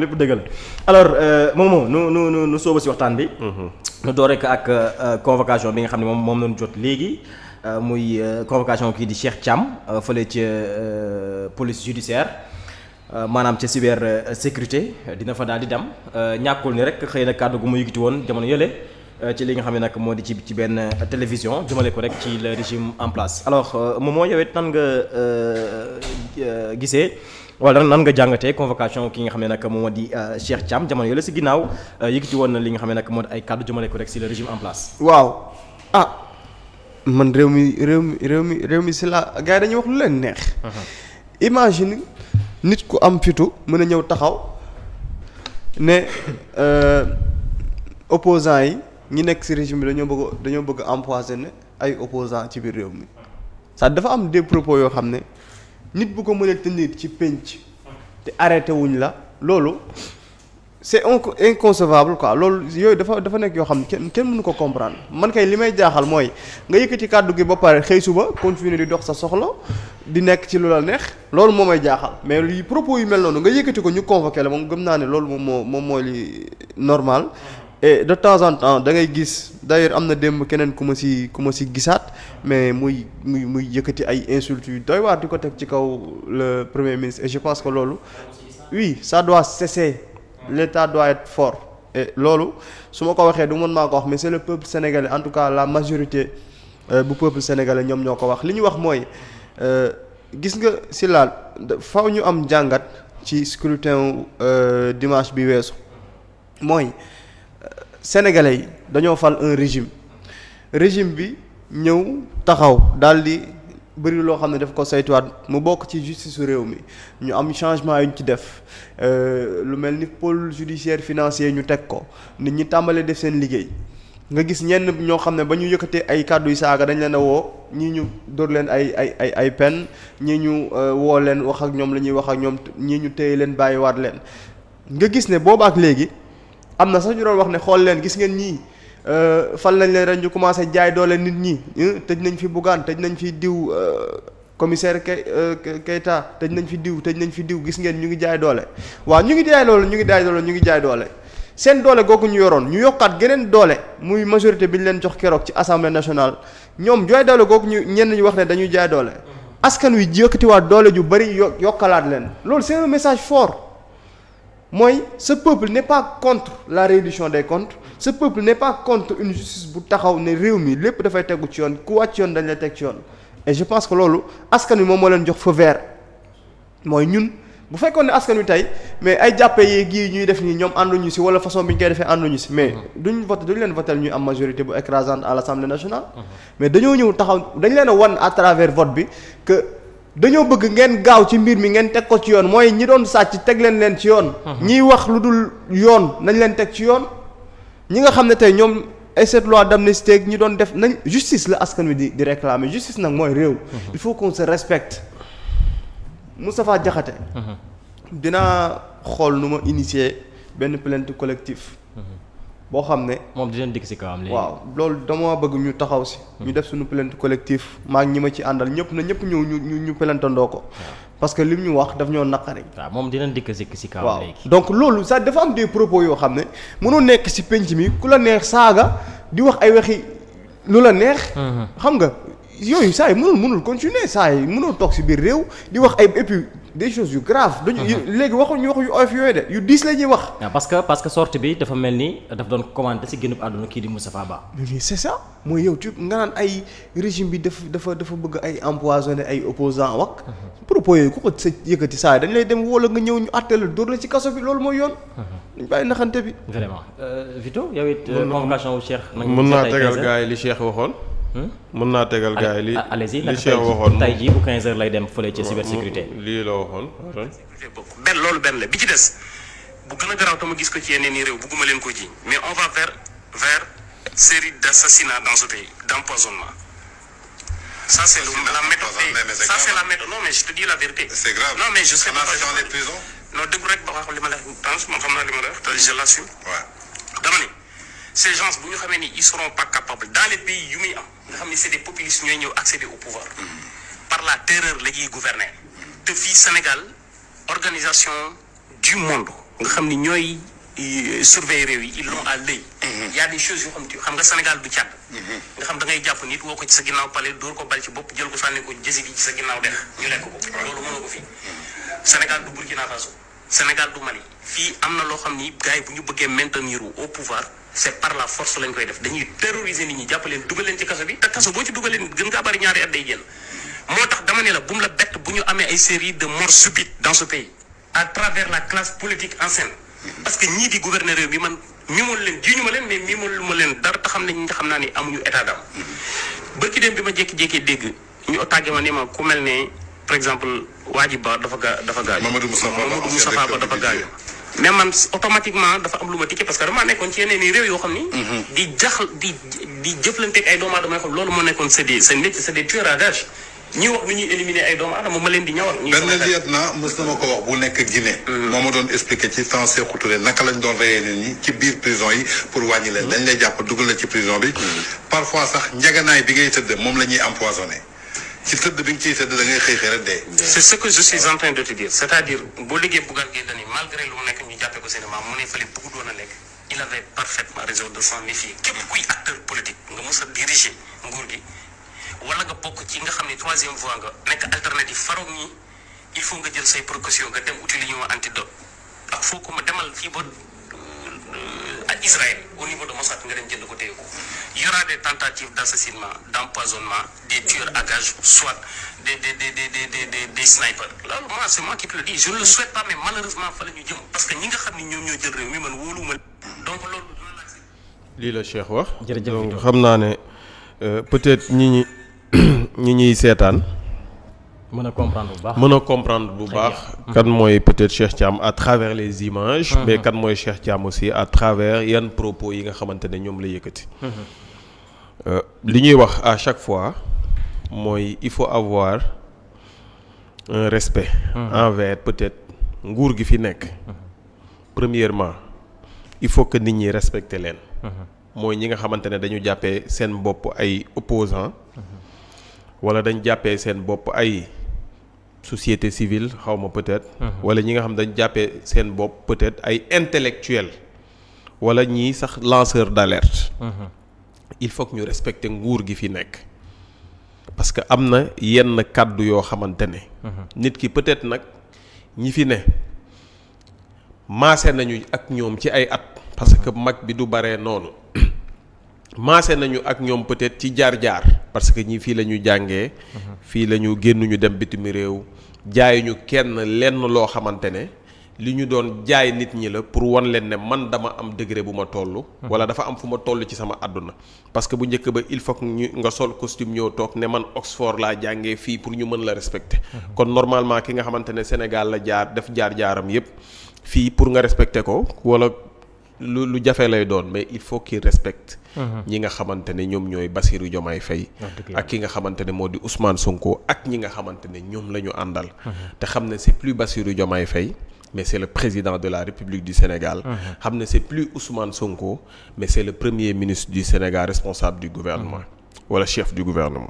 lépp dëgg la alors euh, Momo nu nu nu nu sooba si waxtaan bi. Mhm. nu door rek ak euh, euh, convocation bi nga xam ne moom moom lañu jot léegi muy convocation ki di Cheikh Thiam fële ca police judiciaire maanaam ca cyber sécurité dina fa daal di dem ñàkkul ni rek xëy na kàddu gu mu yëgiti woon jamono yële ci li nga xam ne nag moo di ci ci benn télévision jëmale ko rek ci le régime en place alors Momo yow it nan nga gisee. wala nan jàngatee convocation ki nga xam ne nag moom moo di euh, Cheikh Thiam jamono yële si ginnaaw euh, yëkkati woon na li nga xam ne moo ay kàddu jëmale ko rek si le régime waaw ah man réew mi réew mi réew mi réew mi si la gars yi dañuy wax lu leen neex. Uh-huh. imagine nit ku am fitu mën a ñëw taxaw ne euh, opposants yi ñi nekk si régime bi dañoo bëgg dañoo bëgg empoisonné ay opposants ci biir réew mi ça dafa am des propos yoo xam ne. nit bu ko mënee tenir ci pénc te arrêté wuñ la loolu c'est inconcevable quoi loolu yooyu dafa dafa nekk yoo xam ne kenn mënu ko comprendre man kay li may jaaxal mooy nga yëkkati kàddu gi ba pare xëy suba continuer di dox sa soxla di nekk ci lu la neex loolu moo may jaaxal mais li propos yu mel noonu nga yëkkati ko ñu convoqué la moom gëm naa ne loolu moom moo moom mooy normal et eh, de temps en temps da ngay gis d'ailleurs am na démb keneen ku ma si ku ma si gisaat mais muy muy muy yëkkati ay insultes yu doy waar di ko teg ci kaw le premier ministre et je pense que loolu oui ça doit cesser l'état doit être fort loolu su ma ko waxee du mën maa ko wax mais c'est le peuple sénégalais en tout cas la majorité euh, bu peuple sénégalais ñoom ñoo ko wax li ñu wax mooy euh, gis nga si laal faw ñu am jàngat ci scrutin euh, dimanche bi weesu mooy sénégalais yi dañoo fal un régime régime bi ñëw taxaw daal di bëri loo xam ne daf ko saytuwaat mu bokk ci justice su réew mi ñu am changement yu ñu ci def euh, lu mel ni pôle judiciaire financier ñu teg ko nit ñi tàmbalee def seen liggéey nga gis ñenn ñoo xam ne ba ñu yëkkatee ay kàddu yu saaga dañ leen a woo ñii ñu dóor leen ay ay ay ay ñii ñu euh, woo leen wax ak ñoom la ñuy wax ak ñoom ñii ñu téye leen bàyyiwaat leen nga gis ne ak léegi. am na sax ñu doon wax ne xool leen gis ngeen ñii euh, fal nañ leen ren ñu commencé jaay doole nit ñi tëj nañ fi Bougane tëj nañ fi diw euh, commissaire Kay euh, Keita tëj nañ fi diw tëj nañ fi diw gis ngeen ñu ngi jaay doole waaw ñu ngi jaay doole ñu ngi jaay doole ñu ngi jaay doole seen doole googu ñu yoroon ñu yokkaat geneen doole muy majorité bi ñu leen jox keroog ci assemblée nationale ñoom jooy doole googu ñu ñenn ñu wax ne dañuy jaay doole mm-hmm. askan wi yëkkatiwaat doole ju bëri yo yokkalaat leen loolu c'est message fort mooy ce peuple n'est pas contre la reddition des comptes ce peuple n'est pas bu taxaw ne réew mi lépp dafay tegu ci yoon ku wàcc yoon dañu la teg ci yoon et je pense que loolu askan wi moom moo leen jox feu vert mooy ñun bu fekkoon ne askan wi tey mais ay jàppe yi gii ñuy def nii ñoom ànduñu si wala façon bi ñu koy defee ànduñu si mais mm-hmm. duñ voté duñ leen voté ñu am majorité bu écrasante à l'Assemblée nationale mm-hmm. mais dañoo ñëw taxaw dañ leen a wan à travers vote bi dañoo bëgg ngeen gaaw ci mbir mi ngeen teg ko ci yoon mooy ñi doon sàcc teg leen leen ci yoon. Mhm. ñiy wax lu dul yoon nañ leen teg ci yoon. ñi nga xam ne tey ñoom ay cette loi d'amnistie ñi doon def nañ justice la askan wi di di réclamer justice nag mooy réew. Mhm. il faut qu'on se respecte. Moustapha Diakhaté. Mhm. dinaa xool nu ma initier benn plainte collectif. boo xam ne. moom dinañ dikk si kawam léegi. waaw loolu dama bëgg ñu taxaw si. ñu def suñu plainte collectif maak ñi ma ci àndal ñëpp na ñëpp ñëw ñu ñu ñu plaintandoo ko. parce que lim ñu wax daf ñoo naqari. waaw moom dinañ dikk si si kawam léegi. donc loolu sax dafa am des propos yoo xam ne mënoo nekk si penc mi ku la neex saaga di wax ay waxi lu la neex. Mhm. xam nga yooyu saa yi mënul mënul continuer saa yi mënoo toog si biir réew di wax ay et des choses yu grave dañu léegi waxuñu waxu yu oyof yooyu de yu diis la wax ah, parce que parce que sortie bi dafa mel ni daf doon commandé si génnub àdduna kii di Moustapha Ba mais c'est yow tu bi daf dafa dafa bëgg ay empoisonné ay opposant wak propos yooyu ku ko sa yëkkati saa dañ lay dem wala nga ñëw ñu àtte la dóor ci kaso bi loolu mooy yoon dañ bàyyi naxante bi vraiment euh, Vito yow it convocation wu Cheikh mën naa tegal gars yi li Cheikh waxoon mun naa tegal gars yi li allez-y li Cheikh waxoon tey jii bu 15h lay dem fële ci cybersécurité. lii la waxoon. benn loolu benn bi ci des bu gën a garaaw te ma gis ko ci yeneen i réew bugguma leen ko ji mais on va vers vers série d'assassinats dans ce pays d'empoisonnement. ça c'est la méthode ça c'est la méthode non mais je te la vérité. c'est mais je sais la wax moom xam naa li la wax ces bu ñu xamee ni ils seront pas capables dans les pays yu muy am nga xam ni c'est des populistes ñooy ñëw accéder au pouvoir mm. par la terreur la ñuy gouverner mm. te fii Sénégal organisation du monde nga xam ni ñooy euh, surveiller réew yi ils l'ont à mm-hmm. a des choses yoo xam te xam nga Sénégal du mm-hmm. nga xam da ngay jàpp nit ko ci sa ginnaaw palais dóor ko bal ci bopp jël ko sànni ko jësi gi ci sa ginnaaw ñu lekk ko mm-hmm. loolu mënoo ko fii Sénégal du Burkina Faso Sénégal du Mali fii am na loo xam ni gars bu ñu bëggee maintenir au pouvoir c'est par la force lañ koy def dañuy terroriser nit ñi jàpp leen dugal leen ci kaso bi te kaso boo ci dugal leen gën kaa bari ñaari at day moo tax dama ne la bu mu la bett bu ñu amee ay série de morts subites dans ce pays à travers la classe politique ancienne parce que ñii di gouverneur réew mi man mimoon leen jiñu ma leen mais mimoon ma leen dara te xam nañ xam naa ne amuñu état d'âme bërki dem bi ma jekki jékki dégg ñu otage ma ne ma par exemple waa ba dafa gaa dafa gaañu Mamadou Moustapha Ba dafa gaañu mais man automatiquement dafa am lu ma tikkee parce que damaa nekkoon ci yeneen i réew yoo xam ni. Mhm. di jax di di jëflanteeg ay doomu aadama yoo xam nekkoon ma leen di ñawal. ñuy benn lieutenant mës na ma ko wax bu nekk Guinée. Mhm. moo doon expliquer ci temps Sékou Touré naka lañ doon reyee nit ñi ci biir prison yi pour wàññi leen. Mhm. dañ lay jàpp dugal la ci prison bi. parfois sax njaganaay bi ngay tëdd moom la am empoisonné. ci tëdd bi nga ciy tëdd da xëy xëy rek de c'est-à-dire boo liggéey Bougane Gueye Dany a il avait parfaitement raison de s'en méfier képp kuy acteur politique nga mos a nguur gi wala nga bokk ci nga xam ni troisième voie nga nekk alternative faroog ñi il faut nga jël say précaution nga dem uti li foo ko ma demal fii ba. Israël au niveau de Mossad nga dem jënd ko téye ko y aura des tentatives d'assassinat d'empoisonnement de tueurs à gages soit des des des des des des des snipers loolu moi c'est moi qui te le ne malheureusement fa la jëm parce que ñi nga xam ne ñoom ñoo jël réew mi man wóoluwuma donc loolu. lii la Cheikh wax. jërëjëf xam naa ne euh, peut-être ñi ñi ñi ñuy seetaan. mën a comprendre bu baax mën a comprendre bu baax. kan mooy peut-être Cheikh Thiam à travers les images. Mm-hmm. mais kan mooy Cheikh Thiam aussi à travers yan propos yi nga xamante ne ñoom la yëkkati. Mm-hmm. Euh, li ñuy wax à chaque fois mooy il faut avoir un respect. Mm-hmm. envers peut-être nguur gi fi nekk. premièrement il faut que nit ñi respecter leen. mooy ñi nga xamante ne dañu jàppee seen bopp ay opposants wala dañ jàppee seen bopp ay société civile xaw ma peut-être. wala ñi nga xam dañ jàppee seen bopp peut-être ay intellectuel wala ñi sax lanceur d'alerte. il faut ñu respecter nguur gi fi nekk. parce que am na yenn kàddu yoo xamante ne. nit ki peut-être nag ñi fi ne maase nañu ak ñoom ci ay at. parce que mag bi du bare noonu. maase nañu ak ñoom peut-être ci jaar-jaar parce que ñi fii la ñu jàngee fii la ñu génnuñu dem bitim réew jaayuñu kenn lenn loo xamante ne li ñu doon jaay nit ñi la pour wan leen ne man dama am degré bu ma toll wala dafa am fu ma toll ci sama àdduna parce que bu njëkk ba il faut que ñu nga sol costume ñëw toog ne man Oxford laa jàngee fii pour ñu mën la respecter kon normalement ki nga xamante ne Sénégal la jaar def jaar-jaaram yépp fii pour nga respecter ko wala lu lu jafe lay doon mais il faut qu'il respect mhm. ñi nga xamante ne ñoom ñooy Bassirou Diomaye Faye ah, ak ki nga xamante ne moo di Ousmane Sonko ak ñi nga xamante ne ñoom la ñu àndal mhm. te xam ne c'est plus Bassirou Diomaye Faye mais c'est le président de la République du Sénégal mhm. xam ne c'est plus Ousmane Sonko mais c'est le premier ministre du Sénégal responsable du gouvernement wala chef du gouvernement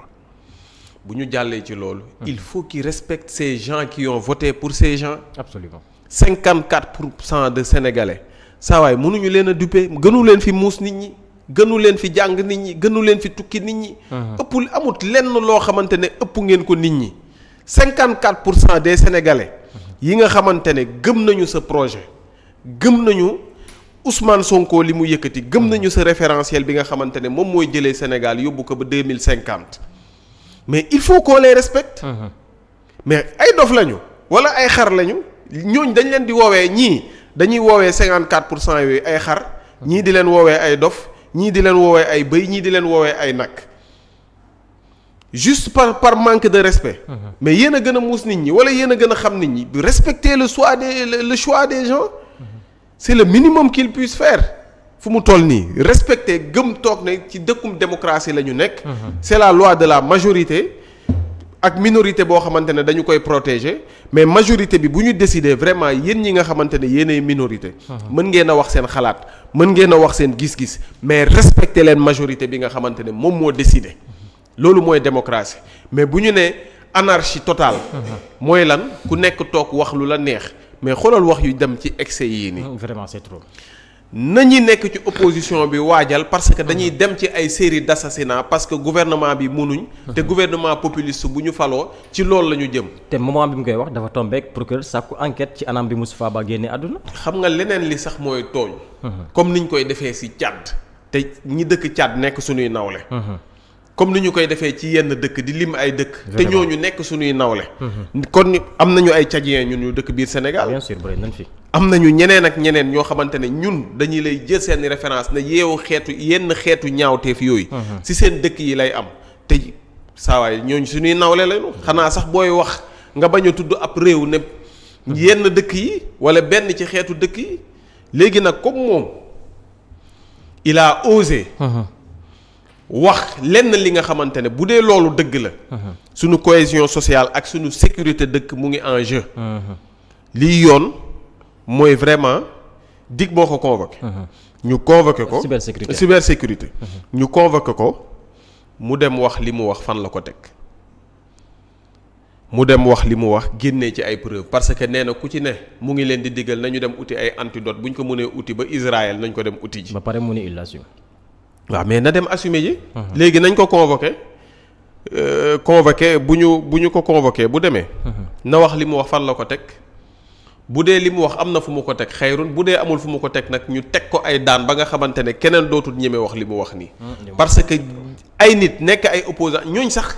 bu ñu jàllee ci loolu il faut qu'il respecte ce gens qui ont voté pour ces gens absolument cinquante-quatre pour cent de Sénégalais saa waay mënuñu leen a dupe gënu leen fi muus nit ñi gënu leen fi jàng nit ñi gënu leen fi tukki nit ñi. Uh-huh. ëpp amut lenn loo xamante ne ëpp ngeen ko nit ñi. cinquante 54 pour cent des sénégalais yi nga xamante ne gëm nañu sa projet gëm nañu Ousmane Sonko li mu yëkkati gëm nañu sa référentiel bi nga xamante ne moom mooy jëlee Sénégal yóbbu ko ba cinquante mais il faut qu'on les respecte. Uh-huh. mais ay dof lañu wala ay xar lañu ñooñ dañ leen di woowee ñii. dañuy woowee 54 pour cent yooyu ay xar ñii di leen woowee ay dof ñii di leen woowee ay bëy ñii di leen woowee ay nag juste par par manque de respect. Mmh. mais yéen a gën a muus nit ñi wala yéen a gën a xam nit ñi respecter le choix des le, le choix des gens mmh. c'est le minimum qu'ils puissent faire fu mu toll nii respecter gëm toog na ci dëkkum démocratie la ñu nekk. Mmh. c'est la loi de la majorité. ak minorité boo xamante ne dañu koy protéger mais majorité bi bu ñu décider vraiment yéen ñi nga xamante ne yéenay minorité. Uh-huh. mën ngeen a wax seen xalaat mën ngeen a wax seen gis-gis mais respecter leen majorité bi nga xamante ne moom moo décider loolu mooy démocratie mais bu ñu nee anarchie totale. Uh-huh. mooy lan ku nekk toog wax lu la neex mais xoolal wax yu dem ci excès yii nii. vraiment c'est nañu nekk ci opposition bi waajal parce que dañuy dem ci ay série d'assassinats parce que gouvernement bi mënuñ. te gouvernement populiste bu ñu faloo ci loolu la ñu jëm. te moment bi mu koy wax dafa tombé ak procureur sàkku enquête ci anam bi Moustapha Ba génnee àdduna. xam nga leneen li sax mooy tooñ. comme ni ñu koy defee si Tchad. te ñi dëkk Tchad nekk suñuy nawle. comme ni ñu koy defee ci yenn dëkk di lim ay dëkk. te ñu nekk suñuy nawle. kon am nañu ay Tchadiens ñun ñu dëkk biir Sénégal. bien nañ fi. am nañu ñeneen ak ñeneen ñoo xamante ne ñun dañuy lay jël seeni référence na yeewu xeetu yenn xeetu ñaawteef yooyu ci mhm. seen dëkk yi lay am te saawaay ñooñ suñuy nawle lañu xanaa sax booy wax nga bañ a tudd ab réew ne yenn dëkk yi wala benn ci xeetu dëkk yi léegi nag comme moom il a osé mhm. wax lenn li nga xamante ne bu dee loolu dëgg la mhm. suñu cohésion sociale ak suñu sécurité dëkk mu ngi en jeu lii yoon mooy vraiment dig boo ko convoqué. Mhm. ñu convoqué ko cybersécurité cybersécurité. Mhm. ñu convoqué ko mu dem wax li mu wax fan la ko teg mu dem wax li mu wax génnee ci ay preuve parce que nee na ku ci ne mu ngi leen di diggal nañu dem uti ay antidote bu ñu ko mënee uti ba Israël nañ ko dem uti ji. ba pare mu ni il assume. waaw mais na dem assumer mhm. léegi nañ ko convoqué. Euh, convoqué bu ñu bu ñu ko convoqué bu demee. na wax li mu wax fan la ko teg. bu dee li mu wax am na fu mu ko teg xayrun bu dee amul fu mu ko teg nag ñu teg ko ay daan ba nga xamante ne keneen dootul ñeme wax li mu wax nii. Hmm, parce que ay nit nekk ay opposants ñooñ sax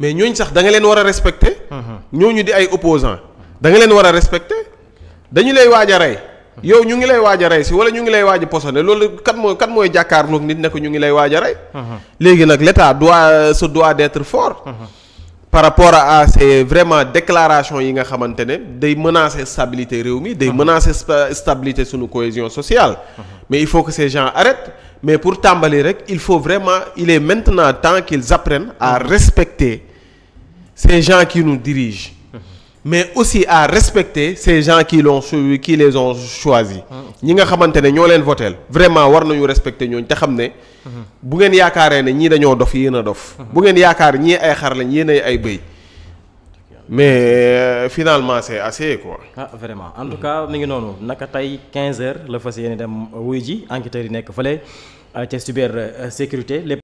mais ñooñ sax da nga leen war a respecter. Hmm, hmm. ñooñu di ay opposants da leen war a respecter dañu lay waaja a rey. yow ñu ngi lay waaja a rey si wala ñu ngi lay waaj a posone loolu kat mooy kat mooy jàkkaarloog nit ne ko ñu ngi lay waaj a rey. léegi nag l'État doit se doit d'être fort. par rapport à ces vraiment déclaration yi nga xamante ne day menacer stabilité réew mi day ah. menacer stabilité suñu cohésion sociale ah. mais il faut que ces gens arrêtent mais pour tàmbali rek il faut vraiment il est maintenant temps qu'ils apprennent à ah. respecter ces gens qui nous dirigent mais aussi à respecter ces gens qui l'ont qui les ont choisis ñi nga xamante ne ñoo leen votel vraiment war nañu respecter ñooñ te xam ne bu ngeen yaakaaree ne ñii dañoo dof yéen a dof bu ngeen yaakaar ñii ay xar lañ yéen ay bëy mais euh, finalement c'est assez quoi. ah vraiment en tout cas mi ngi noonu naka tey quinze heures la fas yéene dem wuy ji enquêteurs yi nekk fële euh, ca cyber euh, sécurité lépp.